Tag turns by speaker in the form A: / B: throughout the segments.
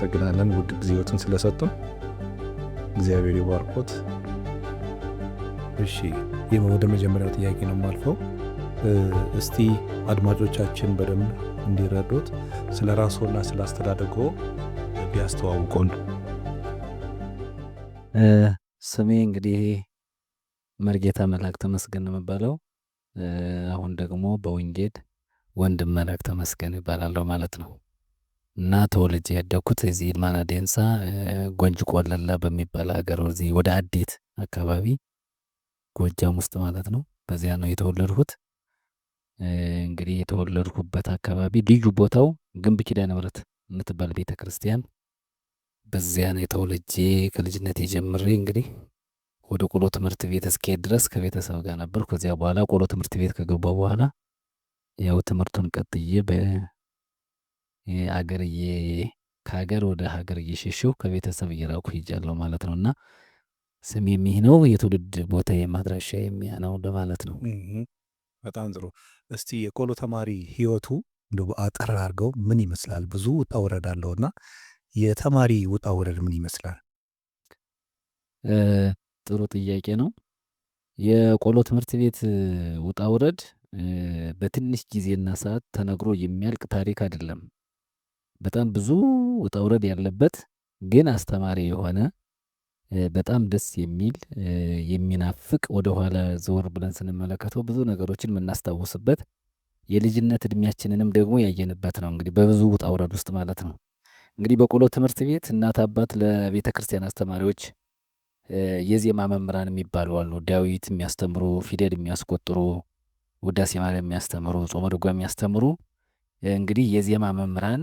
A: እናመሰግናለን ውድ ጊዜዎትን ስለሰጡን። እግዚአብሔር ይባርኮት። እሺ ወደ መጀመሪያው ጥያቄ ነው ማልፈው እስቲ አድማጮቻችን በደንብ እንዲረዱት ስለ ራስዎና ስለ አስተዳደጎ ቢያስተዋውቆን
B: ስሜ እንግዲህ መርጌታ መላክ ተመስገን ነው የምባለው። አሁን ደግሞ በወንጌድ ወንድም መላክ ተመስገን ይባላለሁ ማለት ነው። እና ተወልጄ ያደኩት እዚህ ማና ዴንሳ ጎንጅ ቆለላ በሚባል ሀገር እዚህ ወደ አዴት አካባቢ ጎጃም ውስጥ ማለት ነው። በዚያ ነው የተወለድሁት። እንግዲህ የተወለድኩበት አካባቢ ልዩ ቦታው ግንብ ኪዳነ ምሕረት የምትባል ቤተ ክርስቲያን፣ በዚያ ነው የተወልጄ ከልጅነት የጀምሬ እንግዲህ ወደ ቆሎ ትምህርት ቤት እስኪሄድ ድረስ ከቤተሰብ ጋር ነበር። ከዚያ በኋላ ቆሎ ትምህርት ቤት ከገባ በኋላ ያው ትምህርቱን ቀጥዬ አገር ከሀገር ወደ ሀገር እየሸሸሁ ከቤተሰብ እየራኩ ሄጃለሁ ማለት ነው እና ስም ይህ ነው፣ የትውልድ ቦታ ማድራሻ የሚያነው ነው ነው።
A: በጣም ጥሩ። እስቲ የቆሎ ተማሪ ህይወቱ እንደ አጠር አድርገው ምን ይመስላል? ብዙ ውጣ ውረድ አለው እና የተማሪ ውጣ ውረድ ምን ይመስላል?
B: ጥሩ ጥያቄ ነው። የቆሎ ትምህርት ቤት ውጣ ውረድ በትንሽ ጊዜና ሰዓት ተነግሮ የሚያልቅ ታሪክ አይደለም። በጣም ብዙ ውጣ ውረድ ያለበት ግን አስተማሪ የሆነ በጣም ደስ የሚል የሚናፍቅ ወደኋላ ዘወር ብለን ስንመለከተው ብዙ ነገሮችን የምናስታውስበት የልጅነት እድሜያችንንም ደግሞ ያየንበት ነው። እንግዲህ በብዙ ውጣ ውረድ ውስጥ ማለት ነው። እንግዲህ በቆሎ ትምህርት ቤት እናት አባት ለቤተ ክርስቲያን አስተማሪዎች የዜማ መምህራን የሚባሉ አሉ። ዳዊት የሚያስተምሩ፣ ፊደል የሚያስቆጥሩ፣ ውዳሴ ማርያም የሚያስተምሩ፣ ጾመ ድጓ የሚያስተምሩ እንግዲህ የዜማ መምህራን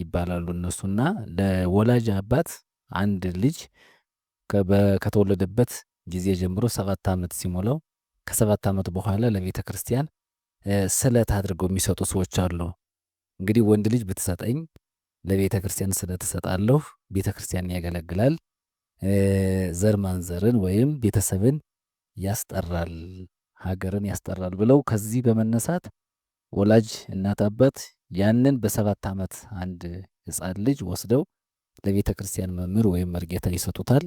B: ይባላሉ እነሱና ለወላጅ አባት አንድ ልጅ ከተወለደበት ጊዜ ጀምሮ ሰባት ዓመት ሲሞላው ከሰባት ዓመት በኋላ ለቤተ ክርስቲያን ስዕለት አድርገው የሚሰጡ ሰዎች አሉ። እንግዲህ ወንድ ልጅ ብትሰጠኝ ለቤተ ክርስቲያን ስዕለት እሰጣለሁ። ቤተ ክርስቲያን ያገለግላል፣ ዘር ማንዘርን ወይም ቤተሰብን ያስጠራል፣ ሀገርን ያስጠራል ብለው ከዚህ በመነሳት ወላጅ እናት አባት ያንን በሰባት ዓመት አንድ ህፃን ልጅ ወስደው ለቤተ ክርስቲያን መምህር ወይም መርጌታ ይሰጡታል።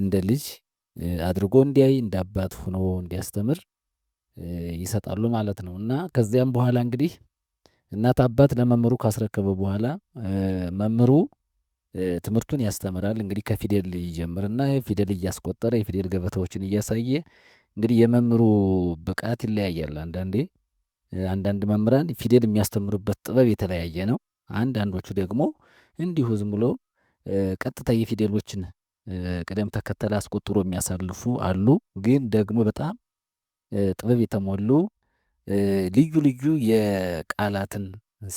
B: እንደ ልጅ አድርጎ እንዲያይ እንደ አባት ሆኖ እንዲያስተምር ይሰጣሉ ማለት ነው እና ከዚያም በኋላ እንግዲህ እናት አባት ለመምህሩ ካስረከበ በኋላ መምህሩ ትምህርቱን ያስተምራል። እንግዲህ ከፊደል ይጀምርና ፊደል እያስቆጠረ የፊደል ገበታዎችን እያሳየ እንግዲህ የመምህሩ ብቃት ይለያያል። አንዳንዴ አንዳንድ መምህራን ፊደል የሚያስተምሩበት ጥበብ የተለያየ ነው። አንዳንዶቹ ደግሞ እንዲሁ ዝም ብሎ ቀጥታ የፊደሎችን ቅደም ተከተል አስቆጥሮ የሚያሳልፉ አሉ። ግን ደግሞ በጣም ጥበብ የተሞሉ ልዩ ልዩ የቃላትን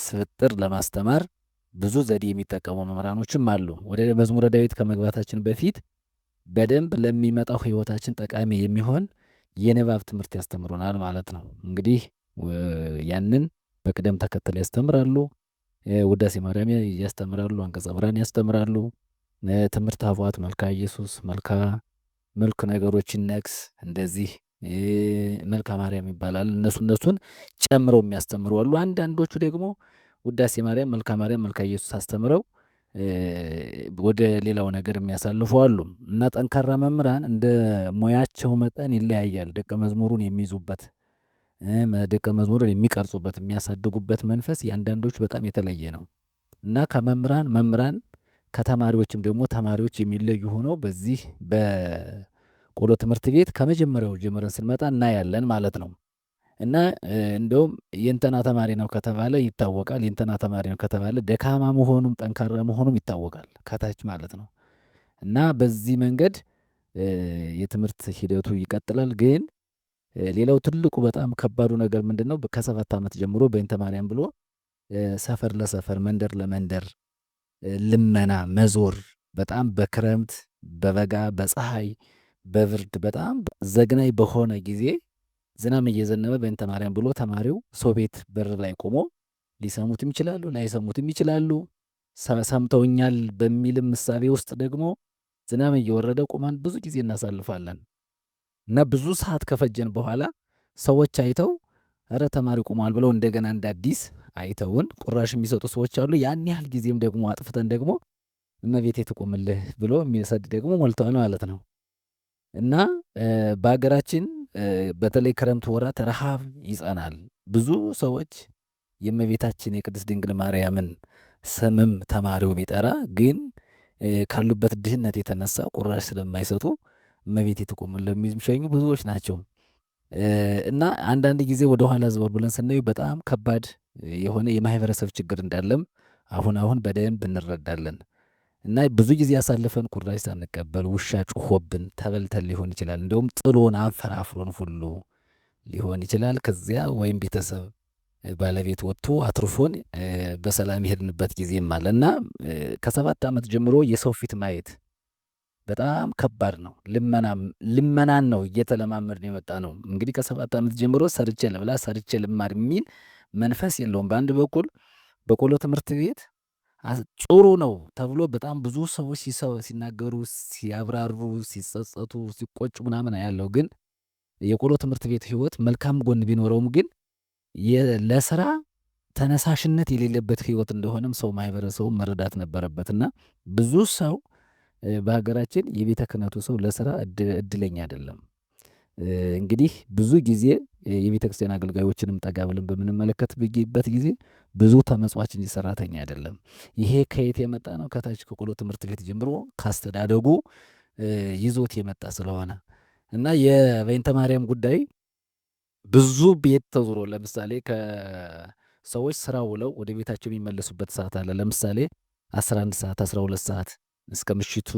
B: ስብጥር ለማስተማር ብዙ ዘዴ የሚጠቀሙ መምህራኖችም አሉ። ወደ መዝሙረ ዳዊት ከመግባታችን በፊት በደንብ ለሚመጣው ሕይወታችን ጠቃሚ የሚሆን የንባብ ትምህርት ያስተምሩናል ማለት ነው። እንግዲህ ያንን በቅደም ተከተል ያስተምራሉ። ውዳሴ ማርያም ያስተምራሉ። አንቀጸ ብርሃን ያስተምራሉ። ትምህርት አፏት መልካ ኢየሱስ መልካ መልክ ነገሮችን ነክስ እንደዚህ መልካ ማርያም ይባላል። እነሱ እነሱን ጨምረው የሚያስተምሩ አሉ። አንዳንዶቹ ደግሞ ውዳሴ ማርያም፣ መልካ ማርያም፣ መልካ ኢየሱስ አስተምረው ወደ ሌላው ነገር የሚያሳልፉ አሉ እና ጠንካራ መምህራን እንደ ሙያቸው መጠን ይለያያል። ደቀ መዝሙሩን የሚይዙበት ደቀ መዝሙርን የሚቀርጹበት የሚያሳድጉበት መንፈስ የአንዳንዶች በጣም የተለየ ነው እና ከመምህራን መምህራን ከተማሪዎችም ደግሞ ተማሪዎች የሚለዩ ሆነው በዚህ በቆሎ ትምህርት ቤት ከመጀመሪያው ጀምረን ስንመጣ እናያለን ማለት ነው። እና እንደውም የእንተና ተማሪ ነው ከተባለ ይታወቃል። የእንትና ተማሪ ነው ከተባለ ደካማ መሆኑም ጠንካራ መሆኑም ይታወቃል ከታች ማለት ነው። እና በዚህ መንገድ የትምህርት ሂደቱ ይቀጥላል ግን ሌላው ትልቁ በጣም ከባዱ ነገር ምንድን ነው? ከሰባት ዓመት ጀምሮ በእንተ ማርያም ብሎ ሰፈር ለሰፈር መንደር ለመንደር ልመና መዞር በጣም በክረምት በበጋ በፀሐይ በብርድ በጣም ዘግናይ በሆነ ጊዜ ዝናም እየዘነበ በእንተ ማርያም ብሎ ተማሪው ሰው ቤት በር ላይ ቆሞ ሊሰሙትም ይችላሉ፣ ላይሰሙትም ይችላሉ። ሰምተውኛል በሚልም ምሳቤ ውስጥ ደግሞ ዝናብ እየወረደ ቁማን ብዙ ጊዜ እናሳልፋለን። እና ብዙ ሰዓት ከፈጀን በኋላ ሰዎች አይተው እረ ተማሪ ቁሟል ብለው እንደገና እንደ አዲስ አይተውን ቁራሽ የሚሰጡ ሰዎች አሉ። ያን ያህል ጊዜም ደግሞ አጥፍተን ደግሞ እመቤቴ ትቁምልህ ብሎ የሚሰድ ደግሞ ሞልተዋል ማለት ነው እና በሀገራችን በተለይ ክረምት ወራት ረሃብ ይጸናል። ብዙ ሰዎች የእመቤታችን የቅድስት ድንግል ማርያምን ስምም ተማሪው ቢጠራ ግን ካሉበት ድህነት የተነሳ ቁራሽ ስለማይሰጡ መቤት ትቁምን ለሚሸኙ ብዙዎች ናቸው እና አንዳንድ ጊዜ ወደ ኋላ ዘወር ብለን ስናዩ በጣም ከባድ የሆነ የማህበረሰብ ችግር እንዳለም አሁን አሁን በደንብ እንረዳለን። እና ብዙ ጊዜ ያሳለፈን ቁራሽ ሳንቀበል ውሻ ጩሆብን ተበልተን ሊሆን ይችላል። እንዲሁም ጥሎን አንፈራፍሮን ሁሉ ሊሆን ይችላል። ከዚያ ወይም ቤተሰብ ባለቤት ወጥቶ አትርፎን በሰላም የሄድንበት ጊዜም አለ እና ከሰባት ዓመት ጀምሮ የሰው ፊት ማየት በጣም ከባድ ነው። ልመናን ነው ነው የመጣ ነው። እንግዲህ ከሰባት ዓመት ጀምሮ ሰርቼ ልብላ ሰርቼ ልማር የሚል መንፈስ የለውም። በአንድ በኩል በቆሎ ትምህርት ቤት ጥሩ ነው ተብሎ በጣም ብዙ ሰዎች ሲናገሩ፣ ሲያብራሩ፣ ሲጸጸቱ፣ ሲቆጩ ምናምን ያለው ግን የቆሎ ትምህርት ቤት ህይወት መልካም ጎን ቢኖረውም ግን ለስራ ተነሳሽነት የሌለበት ህይወት እንደሆነም ሰው ማህበረሰቡ መረዳት ነበረበትና ብዙ ሰው በሀገራችን የቤተ ክህነቱ ሰው ለስራ እድለኛ አይደለም። እንግዲህ ብዙ ጊዜ የቤተ ክርስቲያን አገልጋዮችንም ጠጋ ብለን በምንመለከትበት ጊዜ ብዙ ተመጽዋች እንጂ ሰራተኛ አይደለም። ይሄ ከየት የመጣ ነው? ከታች ከቆሎ ትምህርት ቤት ጀምሮ ካስተዳደጉ ይዞት የመጣ ስለሆነ እና የበይንተ ማርያም ጉዳይ ብዙ ቤት ተዙሮ ለምሳሌ ከሰዎች ስራ ውለው ወደ ቤታቸው የሚመለሱበት ሰዓት አለ። ለምሳሌ 11 ሰዓት 12 ሰዓት እስከ ምሽቱ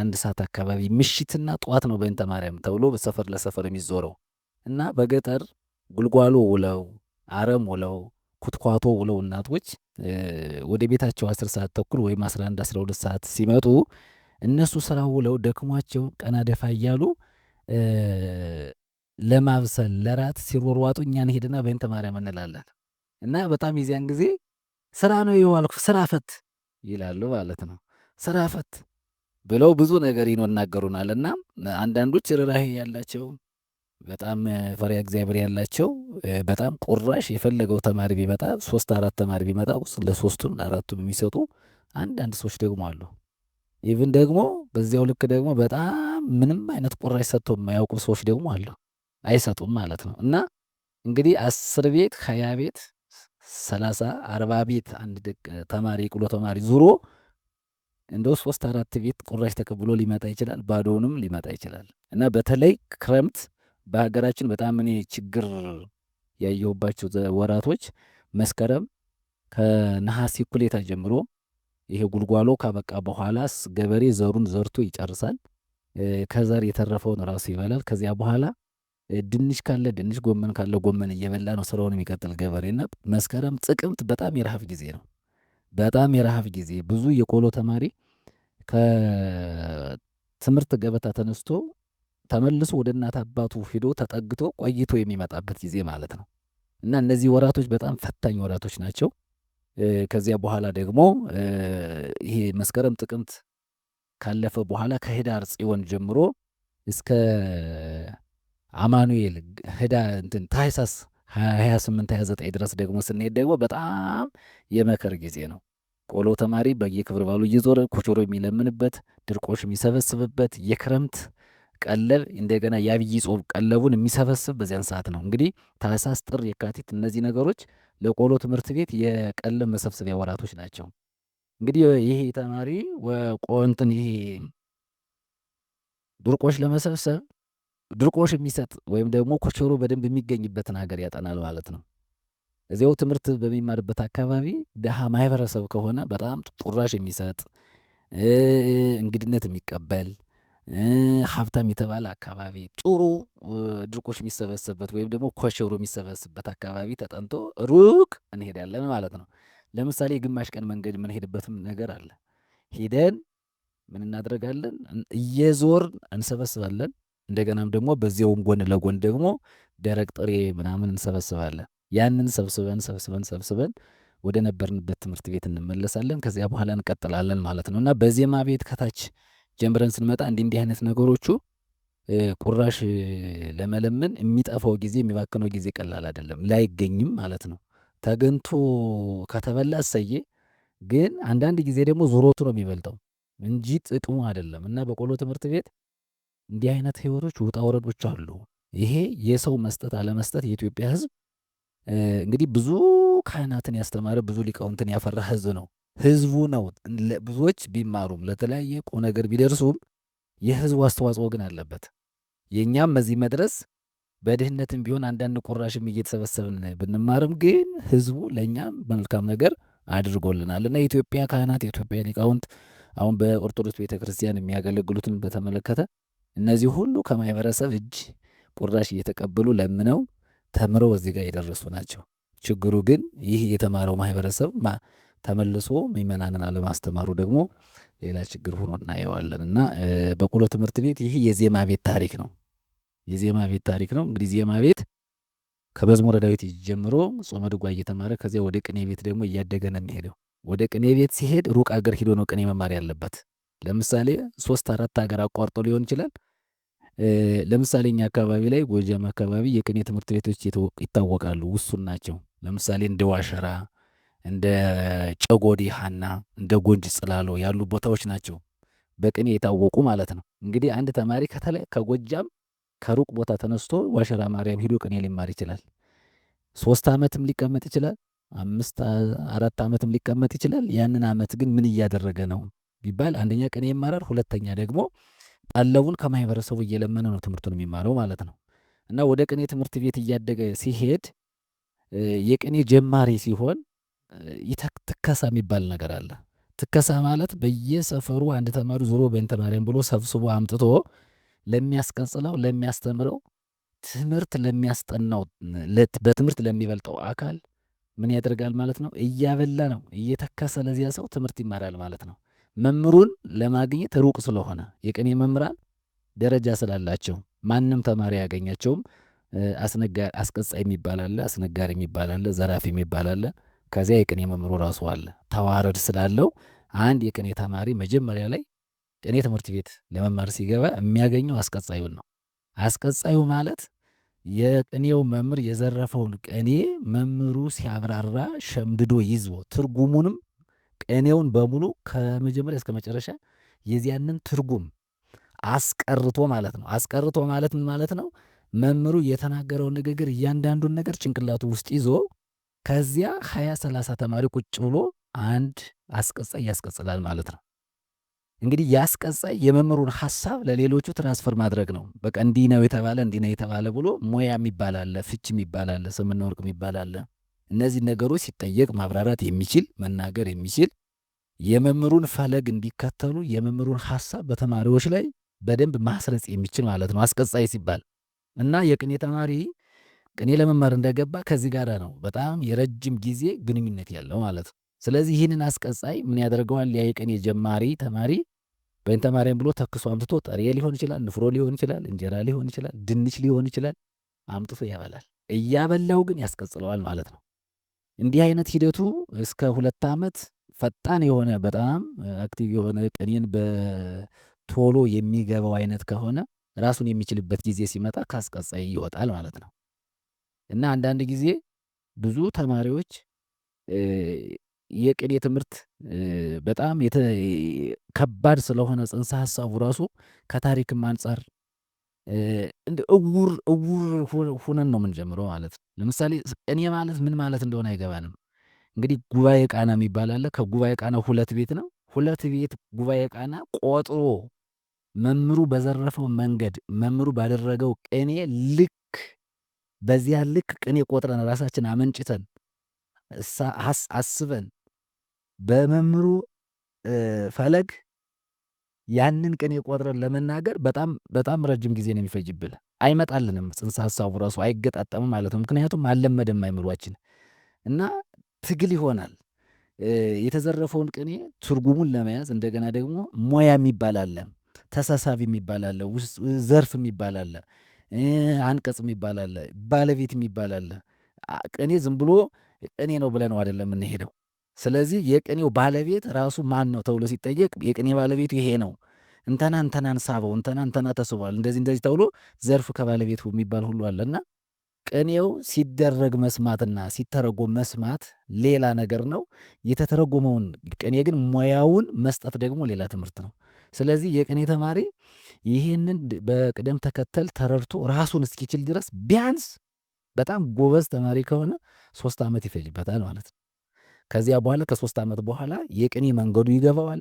B: አንድ ሰዓት አካባቢ ምሽትና ጠዋት ነው በእንተ ማርያም ተብሎ በሰፈር ለሰፈር የሚዞረው እና በገጠር ጉልጓሎ ውለው አረም ውለው ኩትኳቶ ውለው እናቶች ወደ ቤታቸው 10 ሰዓት ተኩል ወይም 11 12 ሰዓት ሲመጡ እነሱ ስራ ውለው ደክሟቸው ቀና ደፋ እያሉ ለማብሰል ለራት ሲሮሯጡ እኛን ሄድና በእንተ ማርያም እንላለን እና በጣም የዚያን ጊዜ ስራ ነው የዋልኩ ስራ ፈት ይላሉ ማለት ነው። ስራፈት ብለው ብዙ ነገር ይናገሩናል። እና አንዳንዶች ርኅራኄ ያላቸው በጣም ፈሪያ እግዚአብሔር ያላቸው በጣም ቁራሽ የፈለገው ተማሪ ቢመጣ ሶስት አራት ተማሪ ቢመጣ ለሶስቱም ለአራቱም የሚሰጡ አንዳንድ ሰዎች ደግሞ አሉ። ኢቭን ደግሞ በዚያው ልክ ደግሞ በጣም ምንም አይነት ቁራሽ ሰጥቶ የማያውቁ ሰዎች ደግሞ አሉ። አይሰጡም ማለት ነው እና እንግዲህ አስር ቤት ሀያ ቤት ሰላሳ አርባ ቤት አንድ ተማሪ ቁሎ ተማሪ ዙሮ እንደው ሶስት አራት ቤት ቁራሽ ተቀብሎ ሊመጣ ይችላል፣ ባዶውንም ሊመጣ ይችላል እና በተለይ ክረምት በሀገራችን በጣም እኔ ችግር ያየሁባቸው ወራቶች መስከረም ከነሐሴ እኩሌታ ጀምሮ ይሄ ጉልጓሎ ካበቃ በኋላስ ገበሬ ዘሩን ዘርቶ ይጨርሳል። ከዘር የተረፈውን ራሱ ይበላል። ከዚያ በኋላ ድንች ካለ ድንች፣ ጎመን ካለ ጎመን እየበላ ነው ስራውን የሚቀጥል ገበሬና መስከረም ጥቅምት በጣም የረሃብ ጊዜ ነው። በጣም የረሃብ ጊዜ ብዙ የቆሎ ተማሪ ከትምህርት ገበታ ተነስቶ ተመልሶ ወደ እናት አባቱ ሂዶ ተጠግቶ ቆይቶ የሚመጣበት ጊዜ ማለት ነው እና እነዚህ ወራቶች በጣም ፈታኝ ወራቶች ናቸው። ከዚያ በኋላ ደግሞ ይሄ መስከረም ጥቅምት ካለፈ በኋላ ከህዳር ጽዮን ጀምሮ እስከ አማኑኤል ህዳ እንትን ታህሳስ ሀያ ስምንት ድረስ ደግሞ ስንሄድ ደግሞ በጣም የመከር ጊዜ ነው። ቆሎ ተማሪ በየክብር ባሉ እየዞረ ኮቾሮ የሚለምንበት ድርቆሽ የሚሰበስብበት የክረምት ቀለብ እንደገና የአብይ ጾም ቀለቡን የሚሰበስብ በዚያን ሰዓት ነው። እንግዲህ ታህሳስ፣ ጥር፣ የካቲት እነዚህ ነገሮች ለቆሎ ትምህርት ቤት የቀለብ መሰብሰቢያ ወራቶች ናቸው። እንግዲህ ይሄ ተማሪ ቆንትን ይሄ ድርቆሽ ለመሰብሰብ ድርቆሽ የሚሰጥ ወይም ደግሞ ኮቸሮ በደንብ የሚገኝበትን ሀገር ያጠናል ማለት ነው። እዚያው ትምህርት በሚማርበት አካባቢ ድሃ ማህበረሰብ ከሆነ በጣም ጡራሽ የሚሰጥ እንግድነት የሚቀበል ሀብታም የተባለ አካባቢ ጥሩ ድርቆሽ የሚሰበሰብበት ወይም ደግሞ ኮሸሮ የሚሰበስብበት አካባቢ ተጠንቶ ሩቅ እንሄዳለን ማለት ነው። ለምሳሌ የግማሽ ቀን መንገድ የምንሄድበትም ነገር አለ። ሄደን ምን እናደርጋለን? እየዞርን እንሰበስባለን። እንደገናም ደግሞ በዚያውም ጎን ለጎን ደግሞ ደረቅ ጥሬ ምናምን እንሰበስባለን። ያንን ሰብስበን ሰብስበን ሰብስበን ወደ ነበርንበት ትምህርት ቤት እንመለሳለን። ከዚያ በኋላ እንቀጥላለን ማለት ነው እና በዜማ ቤት ከታች ጀምረን ስንመጣ እንዲህ እንዲህ አይነት ነገሮቹ ቁራሽ ለመለመን የሚጠፋው ጊዜ የሚባክነው ጊዜ ቀላል አይደለም፣ ላይገኝም ማለት ነው። ተገንቶ ከተበላ እሰዬ፣ ግን አንዳንድ ጊዜ ደግሞ ዞሮቱ ነው የሚበልጠው እንጂ ጥቅሙ አይደለም እና በቆሎ ትምህርት ቤት እንዲህ አይነት ህይወቶች ውጣ ወረዶች አሉ። ይሄ የሰው መስጠት አለመስጠት የኢትዮጵያ ህዝብ እንግዲህ ብዙ ካህናትን ያስተማረ ብዙ ሊቃውንትን ያፈራ ህዝብ ነው። ህዝቡ ነው ብዙዎች ቢማሩም ለተለያየ ቁም ነገር ቢደርሱም የህዝቡ አስተዋጽኦ ግን አለበት። የእኛም በዚህ መድረስ በድህነትም ቢሆን አንዳንድ ቁራሽም እየተሰበሰብን ብንማርም ግን ህዝቡ ለእኛም መልካም ነገር አድርጎልናል እና የኢትዮጵያ ካህናት የኢትዮጵያ ሊቃውንት አሁን በኦርቶዶክስ ቤተ ክርስቲያን የሚያገለግሉትን በተመለከተ እነዚህ ሁሉ ከማህበረሰብ እጅ ቁራሽ እየተቀበሉ ለምነው ተምረው እዚህ ጋር የደረሱ ናቸው። ችግሩ ግን ይህ የተማረው ማህበረሰብ ተመልሶ ምዕመናንን አለማስተማሩ ደግሞ ሌላ ችግር ሆኖ እናየዋለን እና በቆሎ ትምህርት ቤት ይህ የዜማ ቤት ታሪክ ነው። የዜማ ቤት ታሪክ ነው። እንግዲህ ዜማ ቤት ከመዝሙረ ዳዊት ጀምሮ ጾመ ድጓ እየተማረ ከዚያ ወደ ቅኔ ቤት ደግሞ እያደገ ነው የሚሄደው። ወደ ቅኔ ቤት ሲሄድ ሩቅ አገር ሂዶ ነው ቅኔ መማር ያለበት። ለምሳሌ ሶስት አራት ሀገር አቋርጦ ሊሆን ይችላል ለምሳሌ እኛ አካባቢ ላይ ጎጃም አካባቢ የቅኔ ትምህርት ቤቶች ይታወቃሉ፣ ውሱን ናቸው። ለምሳሌ እንደ ዋሸራ፣ እንደ ጨጎዴ ሀና፣ እንደ ጎንጅ ጽላሎ ያሉ ቦታዎች ናቸው በቅኔ የታወቁ ማለት ነው። እንግዲህ አንድ ተማሪ ከተለይ ከጎጃም ከሩቅ ቦታ ተነስቶ ዋሸራ ማርያም ሂዶ ቅኔ ሊማር ይችላል። ሶስት ዓመትም ሊቀመጥ ይችላል። አምስት አራት ዓመትም ሊቀመጥ ይችላል። ያንን ዓመት ግን ምን እያደረገ ነው ቢባል አንደኛ ቅኔ ይማራል፣ ሁለተኛ ደግሞ አለውን ከማህበረሰቡ እየለመነ ነው ትምህርቱን የሚማረው ማለት ነው። እና ወደ ቅኔ ትምህርት ቤት እያደገ ሲሄድ የቅኔ ጀማሪ ሲሆን ትከሳ የሚባል ነገር አለ። ትከሳ ማለት በየሰፈሩ አንድ ተማሪ ዞሮ በእንተ ማርያም ብሎ ሰብስቦ አምጥቶ ለሚያስቀንጽለው ለሚያስተምረው ትምህርት ለሚያስጠናው በትምህርት ለሚበልጠው አካል ምን ያደርጋል ማለት ነው? እያበላ ነው እየተከሰ ለዚያ ሰው ትምህርት ይማራል ማለት ነው። መምህሩን ለማግኘት ሩቅ ስለሆነ የቅኔ መምህራን ደረጃ ስላላቸው ማንም ተማሪ ያገኛቸውም። አስቀጻይ የሚባል አለ፣ አስነጋሪ የሚባል አለ፣ ዘራፊ የሚባል አለ። ከዚያ የቅኔ መምሩ ራሱ አለ። ተዋረድ ስላለው አንድ የቅኔ ተማሪ መጀመሪያ ላይ ቅኔ ትምህርት ቤት ለመማር ሲገባ የሚያገኘው አስቀጻዩን ነው። አስቀጻዩ ማለት የቅኔው መምህር የዘረፈውን ቅኔ መምህሩ ሲያብራራ ሸምድዶ ይዞ ትርጉሙንም ቅኔውን በሙሉ ከመጀመሪያ እስከ መጨረሻ የዚያንን ትርጉም አስቀርቶ ማለት ነው። አስቀርቶ ማለት ምን ማለት ነው? መምህሩ የተናገረውን ንግግር እያንዳንዱን ነገር ጭንቅላቱ ውስጥ ይዞ ከዚያ ሀያ ሰላሳ ተማሪ ቁጭ ብሎ አንድ አስቀጻይ ያስቀጽላል ማለት ነው። እንግዲህ ያስቀጻይ የመምህሩን ሀሳብ ለሌሎቹ ትራንስፈር ማድረግ ነው። በቃ እንዲህ ነው የተባለ እንዲህ ነው የተባለ ብሎ ሙያ የሚባል አለ፣ ፍች ስምና እነዚህ ነገሮች ሲጠየቅ ማብራራት የሚችል መናገር የሚችል የመምህሩን ፈለግ እንዲከተሉ የመምህሩን ሀሳብ በተማሪዎች ላይ በደንብ ማስረጽ የሚችል ማለት ነው። አስቀጻይ ሲባል እና የቅኔ ተማሪ ቅኔ ለመማር እንደገባ ከዚህ ጋር ነው በጣም የረጅም ጊዜ ግንኙነት ያለው ማለት ነው። ስለዚህ ይህንን አስቀጻይ ምን ያደርገዋል? ያ የቅኔ ጀማሪ ተማሪ በይን ተማሪም ብሎ ተክሶ አምጥቶ ጥሬ ሊሆን ይችላል፣ ንፍሮ ሊሆን ይችላል፣ እንጀራ ሊሆን ይችላል፣ ድንች ሊሆን ይችላል፣ አምጥቶ ያበላል። እያበላው ግን ያስቀጽለዋል ማለት ነው። እንዲህ አይነት ሂደቱ እስከ ሁለት ዓመት ፈጣን የሆነ በጣም አክቲቭ የሆነ ቅኔን በቶሎ የሚገባው አይነት ከሆነ ራሱን የሚችልበት ጊዜ ሲመጣ ካስቀጻይ ይወጣል ማለት ነው። እና አንዳንድ ጊዜ ብዙ ተማሪዎች የቅኔ ትምህርት በጣም ከባድ ስለሆነ ጽንሰ ሀሳቡ ራሱ ከታሪክም አንጻር እንደ እውር እውር ሁነን ነው የምንጀምረው ማለት ነው። ለምሳሌ ቅኔ ማለት ምን ማለት እንደሆነ አይገባንም። እንግዲህ ጉባኤ ቃና የሚባል አለ። ከጉባኤ ቃና ሁለት ቤት ነው። ሁለት ቤት ጉባኤ ቃና ቆጥሮ መምህሩ በዘረፈው መንገድ መምህሩ ባደረገው ቅኔ ልክ በዚያ ልክ ቅኔ ቆጥረን ራሳችን አመንጭተን አስበን በመምህሩ ፈለግ ያንን ቀን የቆጥረን ለመናገር በጣም በጣም ረጅም ጊዜ ነው የሚፈጅብል። አይመጣልንም፣ ጽንሰ ሀሳቡ ራሱ አይገጣጠምም ማለት ነው። ምክንያቱም አልለመደም አይምሯችን እና ትግል ይሆናል። የተዘረፈውን ቅኔ ትርጉሙን ለመያዝ እንደገና ደግሞ ሞያ የሚባል አለ፣ ተሳሳቢ የሚባል አለ፣ ዘርፍ የሚባል አለ፣ አንቀጽ የሚባል አለ፣ ባለቤት የሚባል አለ። ቅኔ ዝም ብሎ ቅኔ ነው ብለነው አይደለም የምንሄደው ስለዚህ የቅኔው ባለቤት ራሱ ማን ነው ተብሎ ሲጠየቅ የቅኔ ባለቤቱ ይሄ ነው፣ እንተና እንተናን ሳበው፣ እንተና እንተና ተስቧል፣ እንደዚህ እንደዚህ ተብሎ ዘርፍ ከባለቤቱ የሚባል ሁሉ አለና ቅኔው ሲደረግ መስማትና ሲተረጎም መስማት ሌላ ነገር ነው። የተተረጎመውን ቅኔ ግን ሙያውን መስጠት ደግሞ ሌላ ትምህርት ነው። ስለዚህ የቅኔ ተማሪ ይህንን በቅደም ተከተል ተረድቶ ራሱን እስኪችል ድረስ ቢያንስ በጣም ጎበዝ ተማሪ ከሆነ ሶስት ዓመት ይፈጅበታል ማለት ነው። ከዚያ በኋላ ከሶስት ዓመት በኋላ የቅኔ መንገዱ ይገባዋል።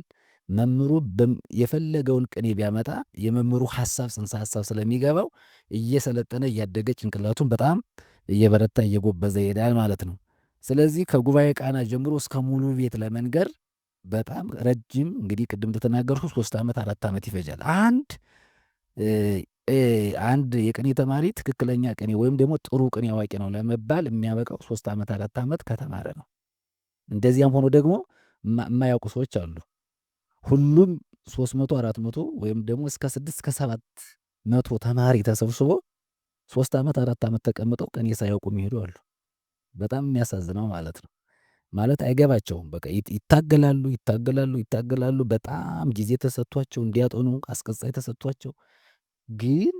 B: መምህሩ የፈለገውን ቅኔ ቢያመጣ የመምህሩ ሀሳብ ጽንሰ ሀሳብ ስለሚገባው እየሰለጠነ እያደገ ጭንቅላቱን በጣም እየበረታ እየጎበዘ ይሄዳል ማለት ነው። ስለዚህ ከጉባኤ ቃና ጀምሮ እስከ ሙሉ ቤት ለመንገር በጣም ረጅም እንግዲህ ቅድም እንደተናገርኩ ሶስት ዓመት አራት ዓመት ይፈጃል። አንድ አንድ የቅኔ ተማሪ ትክክለኛ ቅኔ ወይም ደግሞ ጥሩ ቅኔ አዋቂ ነው ለመባል የሚያበቃው ሶስት ዓመት አራት ዓመት ከተማረ ነው። እንደዚያም ሆኖ ደግሞ የማያውቁ ሰዎች አሉ። ሁሉም ሶስት መቶ አራት መቶ ወይም ደግሞ እስከ ስድስት እስከ 7 መቶ ተማሪ ተሰብስቦ ሶስት ዓመት አራት ዓመት ተቀምጠው ቀን ሳያውቁ የሚሄዱ አሉ። በጣም የሚያሳዝነው ማለት ነው። ማለት አይገባቸውም። በቃ ይታገላሉ ይታገላሉ ይታገላሉ። በጣም ጊዜ ተሰጥቷቸው እንዲያጠኑ አስቀጻይ ተሰጥቷቸው ግን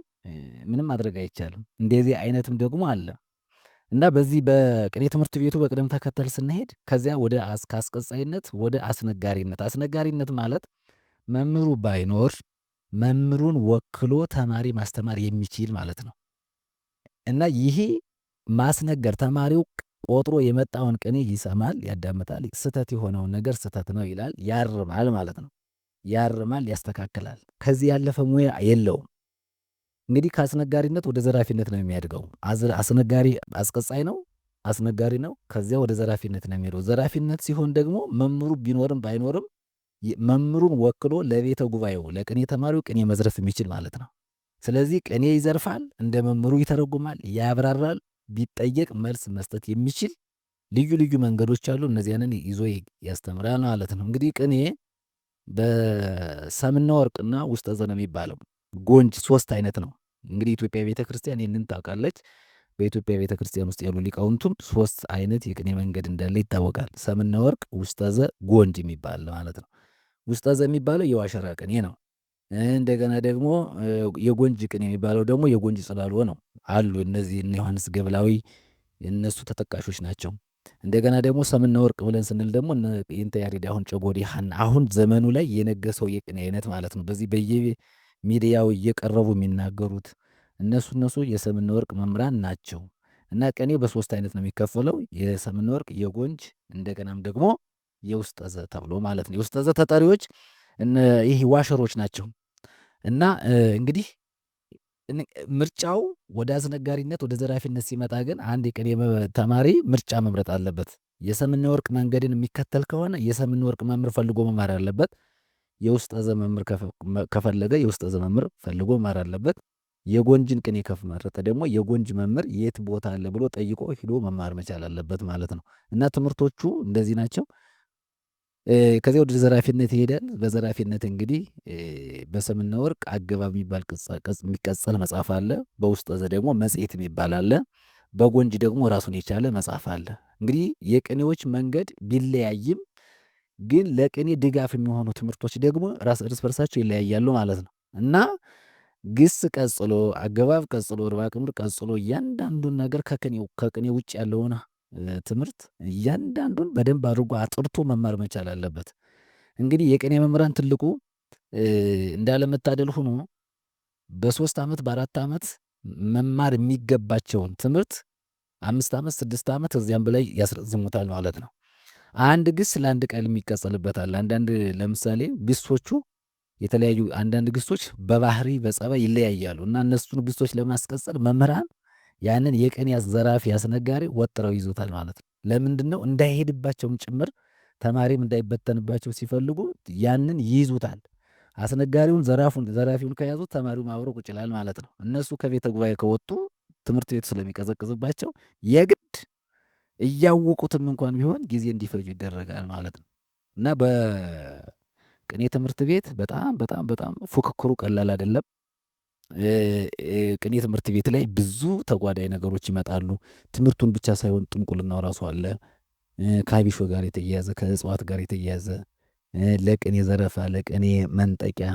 B: ምንም ማድረግ አይቻልም። እንደዚህ አይነትም ደግሞ አለ። እና በዚህ በቅኔ ትምህርት ቤቱ በቅደም ተከተል ስንሄድ ከዚያ ወደ ከአስቀጻይነት ወደ አስነጋሪነት። አስነጋሪነት ማለት መምህሩ ባይኖር መምህሩን ወክሎ ተማሪ ማስተማር የሚችል ማለት ነው። እና ይሄ ማስነገር ተማሪው ቆጥሮ የመጣውን ቅኔ ይሰማል፣ ያዳምጣል፣ ስህተት የሆነውን ነገር ስህተት ነው ይላል፣ ያርማል ማለት ነው። ያርማል፣ ያስተካክላል። ከዚህ ያለፈ ሙያ የለውም። እንግዲህ ከአስነጋሪነት ወደ ዘራፊነት ነው የሚያድገው። አስነጋሪ አስቀጻይ ነው፣ አስነጋሪ ነው። ከዚያ ወደ ዘራፊነት ነው የሚሄደው። ዘራፊነት ሲሆን ደግሞ መምህሩ ቢኖርም ባይኖርም መምህሩን ወክሎ ለቤተ ጉባኤው ለቅኔ ተማሪው ቅኔ መዝረፍ የሚችል ማለት ነው። ስለዚህ ቅኔ ይዘርፋል፣ እንደ መምህሩ ይተረጉማል፣ ያብራራል፣ ቢጠየቅ መልስ መስጠት የሚችል ልዩ ልዩ መንገዶች አሉ። እነዚያንን ይዞ ያስተምራል ማለት ነው። እንግዲህ ቅኔ በሰምና ወርቅና ውስጠ ዘ የሚባለው። ጎንጅ ሶስት አይነት ነው። እንግዲህ ኢትዮጵያ ቤተ ክርስቲያን ይህንን ታውቃለች። በኢትዮጵያ ቤተ ክርስቲያን ውስጥ ያሉ ሊቃውንቱም ሶስት አይነት የቅኔ መንገድ እንዳለ ይታወቃል። ሰምና ወርቅ፣ ውስጠዘ፣ ጎንጅ የሚባል ማለት ነው። ውስጠዘ የሚባለው የዋሸራ ቅኔ ነው። እንደገና ደግሞ የጎንጅ ቅኔ የሚባለው ደግሞ የጎንጅ ጽላሎ ነው አሉ። እነዚህ ዮሐንስ ገብላዊ እነሱ ተጠቃሾች ናቸው። እንደገና ደግሞ ሰምና ወርቅ ብለን ስንል ደግሞ ይንተ ያሬድ አሁን ጨጎዴ አሁን ዘመኑ ላይ የነገሰው የቅኔ አይነት ማለት ነው በዚህ በየ ሚዲያው እየቀረቡ የሚናገሩት እነሱ እነሱ የሰምን ወርቅ መምህራን ናቸው። እና ቀኔ በሶስት አይነት ነው የሚከፈለው የሰምን ወርቅ የጎንጅ እንደገናም ደግሞ የውስጠዘ ተብሎ ማለት ነው። የውስጠዘ ተጠሪዎች ይህ ዋሸሮች ናቸው። እና እንግዲህ ምርጫው ወደ አስነጋሪነት ወደ ዘራፊነት ሲመጣ ግን አንድ የቅኔ ተማሪ ምርጫ መምረጥ አለበት። የሰምን ወርቅ መንገድን የሚከተል ከሆነ የሰምን ወርቅ መምህር ፈልጎ መማር አለበት። የውስጠ ዘመምር ከፈለገ የውስጠ ዘመምር ፈልጎ መማር አለበት። የጎንጅን ቅኔ ከመረጠ ደግሞ የጎንጅ መምህር የት ቦታ አለ ብሎ ጠይቆ ሂዶ መማር መቻል አለበት ማለት ነው። እና ትምህርቶቹ እንደዚህ ናቸው። ከዚያ ወደ ዘራፊነት ይሄዳል። በዘራፊነት እንግዲህ በሰምና ወርቅ አገባብ የሚባል የሚቀጸል መጽሐፍ አለ። በውስጥ ዘ ደግሞ መጽሔት የሚባል አለ። በጎንጅ ደግሞ ራሱን የቻለ መጽሐፍ አለ። እንግዲህ የቅኔዎች መንገድ ቢለያይም ግን ለቅኔ ድጋፍ የሚሆኑ ትምህርቶች ደግሞ ራስ እርስ በርሳቸው ይለያያሉ ማለት ነው እና ግስ ቀጽሎ፣ አገባብ ቀጽሎ፣ ርባ ቅምር ቀጽሎ እያንዳንዱን ነገር ከቅኔ ውጭ ያለውን ትምህርት እያንዳንዱን በደንብ አድርጎ አጥርቶ መማር መቻል አለበት። እንግዲህ የቅኔ መምህራን ትልቁ እንዳለመታደል ሆኖ በሶስት ዓመት በአራት ዓመት መማር የሚገባቸውን ትምህርት አምስት ዓመት ስድስት ዓመት እዚያም በላይ ያስረዝሙታል ማለት ነው። አንድ ግስ ለአንድ ቃል የሚቀጸልበታል። አንዳንድ ለምሳሌ ግሶቹ የተለያዩ አንዳንድ ግሶች በባህሪ በጸባይ ይለያያሉ እና እነሱን ግሶች ለማስቀጸል መምህራን ያንን የቅኔ ዘራፊ አስነጋሪ ወጥረው ይዞታል ማለት ነው። ለምንድን ነው እንዳይሄድባቸውም ጭምር ተማሪም እንዳይበተንባቸው ሲፈልጉ ያንን ይይዙታል። አስነጋሪውን ዘራፉን ዘራፊውን ከያዙት ተማሪው አብሮ ቁጭ ይላል ማለት ነው። እነሱ ከቤተ ጉባኤ ከወጡ ትምህርት ቤቱ ስለሚቀዘቅዝባቸው የግድ እያወቁትም እንኳን ቢሆን ጊዜ እንዲፈጁ ይደረጋል ማለት ነው እና በቅኔ ትምህርት ቤት በጣም በጣም በጣም ፉክክሩ ቀላል አይደለም። ቅኔ ትምህርት ቤት ላይ ብዙ ተጓዳይ ነገሮች ይመጣሉ። ትምህርቱን ብቻ ሳይሆን ጥንቁልናው ራሱ አለ። ከአቢሾ ጋር የተያያዘ ከእጽዋት ጋር የተያያዘ ለቅኔ ዘረፋ፣ ለቅኔ መንጠቂያ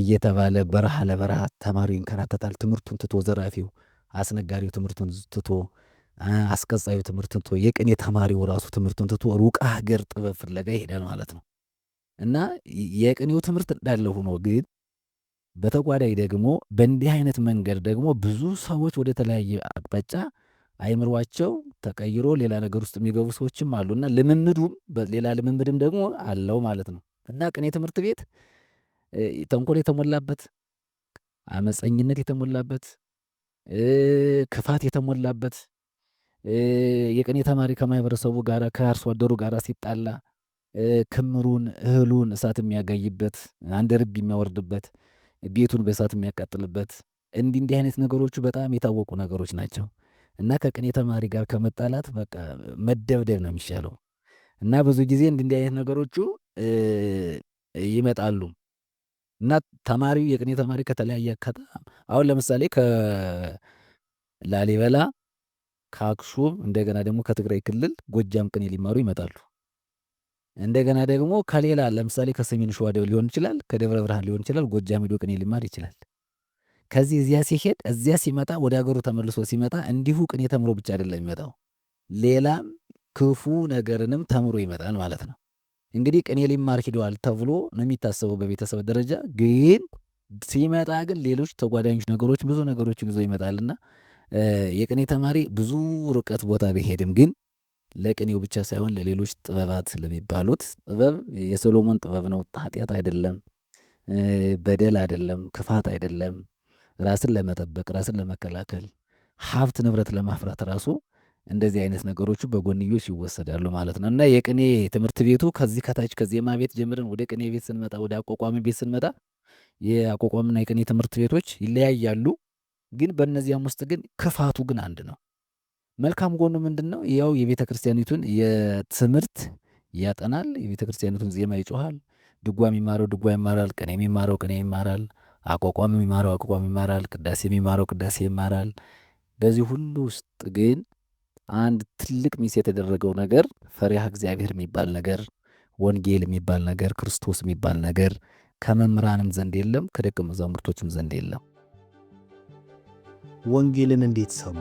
B: እየተባለ በረሃ ለበረሃ ተማሪው ይንከራተታል። ትምህርቱን ትቶ ዘራፊው፣ አስነጋሪው ትምህርቱን ትቶ አስቀጻዩ ትምህርትን ትቶ የቅኔ ተማሪው ራሱ ትምህርትን ትቶ ሩቅ ሀገር ጥበብ ፍለጋ ይሄዳል ማለት ነው እና የቅኔው ትምህርት እንዳለ ሆኖ ግን በተጓዳይ ደግሞ በእንዲህ አይነት መንገድ ደግሞ ብዙ ሰዎች ወደ ተለያየ አቅጣጫ አይምሯቸው ተቀይሮ ሌላ ነገር ውስጥ የሚገቡ ሰዎችም አሉና እና ልምምዱም ሌላ ልምምድም ደግሞ አለው ማለት ነው እና ቅኔ ትምህርት ቤት ተንኮል የተሞላበት አመፀኝነት የተሞላበት ክፋት የተሞላበት የቅኔ ተማሪ ከማህበረሰቡ ጋር ከአርሶ አደሩ ጋር ሲጣላ ክምሩን እህሉን እሳት የሚያጋይበት አንድ ርብ የሚያወርድበት ቤቱን በእሳት የሚያቃጥልበት እንዲህ እንዲህ አይነት ነገሮቹ በጣም የታወቁ ነገሮች ናቸው እና ከቅኔ ተማሪ ጋር ከመጣላት በቃ መደብደብ ነው የሚሻለው እና ብዙ ጊዜ እንዲህ እንዲህ አይነት ነገሮቹ ይመጣሉ እና ተማሪው የቅኔ ተማሪ ከተለያየ አሁን ለምሳሌ ከላሊበላ ከአክሱም እንደገና ደግሞ ከትግራይ ክልል ጎጃም ቅኔ ሊማሩ ይመጣሉ። እንደገና ደግሞ ከሌላ ለምሳሌ ከሰሜን ሸዋ ሊሆን ይችላል፣ ከደብረ ብርሃን ሊሆን ይችላል፣ ጎጃም ሄዶ ቅኔ ሊማር ይችላል። ከዚህ እዚያ ሲሄድ እዚያ ሲመጣ ወደ ሀገሩ ተመልሶ ሲመጣ እንዲሁ ቅኔ ተምሮ ብቻ አይደለም የሚመጣው፣ ሌላም ክፉ ነገርንም ተምሮ ይመጣል ማለት ነው። እንግዲህ ቅኔ ሊማር ሂደዋል ተብሎ ነው የሚታሰበው በቤተሰብ ደረጃ። ግን ሲመጣ ግን ሌሎች ተጓዳኞች ነገሮች ብዙ ነገሮችን ይዞ ይመጣልና የቅኔ ተማሪ ብዙ ርቀት ቦታ ቢሄድም ግን ለቅኔው ብቻ ሳይሆን ለሌሎች ጥበባት ለሚባሉት ጥበብ የሰሎሞን ጥበብ ነው። ኃጢአት አይደለም፣ በደል አይደለም፣ ክፋት አይደለም። ራስን ለመጠበቅ ራስን ለመከላከል ሀብት ንብረት ለማፍራት ራሱ እንደዚህ አይነት ነገሮቹ በጎንዮች ይወሰዳሉ ማለት ነው እና የቅኔ ትምህርት ቤቱ ከዚህ ከታች ከዜማ ቤት ጀምረን ወደ ቅኔ ቤት ስንመጣ ወደ አቋቋሚ ቤት ስንመጣ የአቋቋምና የቅኔ ትምህርት ቤቶች ይለያያሉ። ግን በእነዚያም ውስጥ ግን ክፋቱ ግን አንድ ነው። መልካም ጎኑ ምንድን ነው? ያው የቤተ ክርስቲያኒቱን የትምህርት ያጠናል። የቤተ ክርስቲያኒቱን ዜማ ይጮኋል ድጓ የሚማረው ድጓ ይማራል። ቅኔ የሚማረው ቅኔ ይማራል። አቋቋም የሚማረው አቋቋም ይማራል። ቅዳሴ የሚማረው ቅዳሴ ይማራል። በዚህ ሁሉ ውስጥ ግን አንድ ትልቅ ሚስ የተደረገው ነገር ፈሪሃ እግዚአብሔር የሚባል ነገር፣ ወንጌል የሚባል ነገር፣ ክርስቶስ የሚባል ነገር ከመምህራንም ዘንድ የለም፣ ከደቀ መዛሙርቶችም ዘንድ የለም። ወንጌልን እንዴት ሰሙ?